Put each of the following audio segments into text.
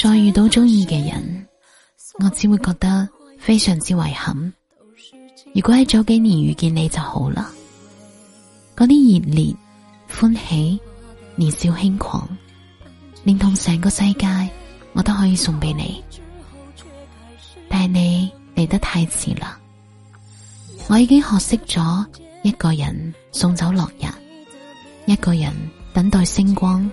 再遇到中意嘅人，我只會覺得非常之遺憾。如果喺早幾年遇見你就好啦，嗰啲熱烈、歡喜、年少輕狂，連同成個世界，我都可以送俾你。但係你嚟得太遲啦，我已經學識咗一個人送走落日，一個人等待星光，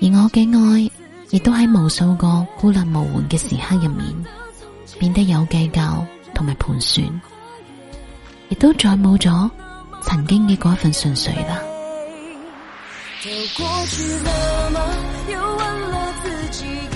而我嘅愛。亦都喺無數個孤立無援嘅時刻入面，變得有計較同埋盤算，亦都再冇咗曾經嘅嗰份純粹啦。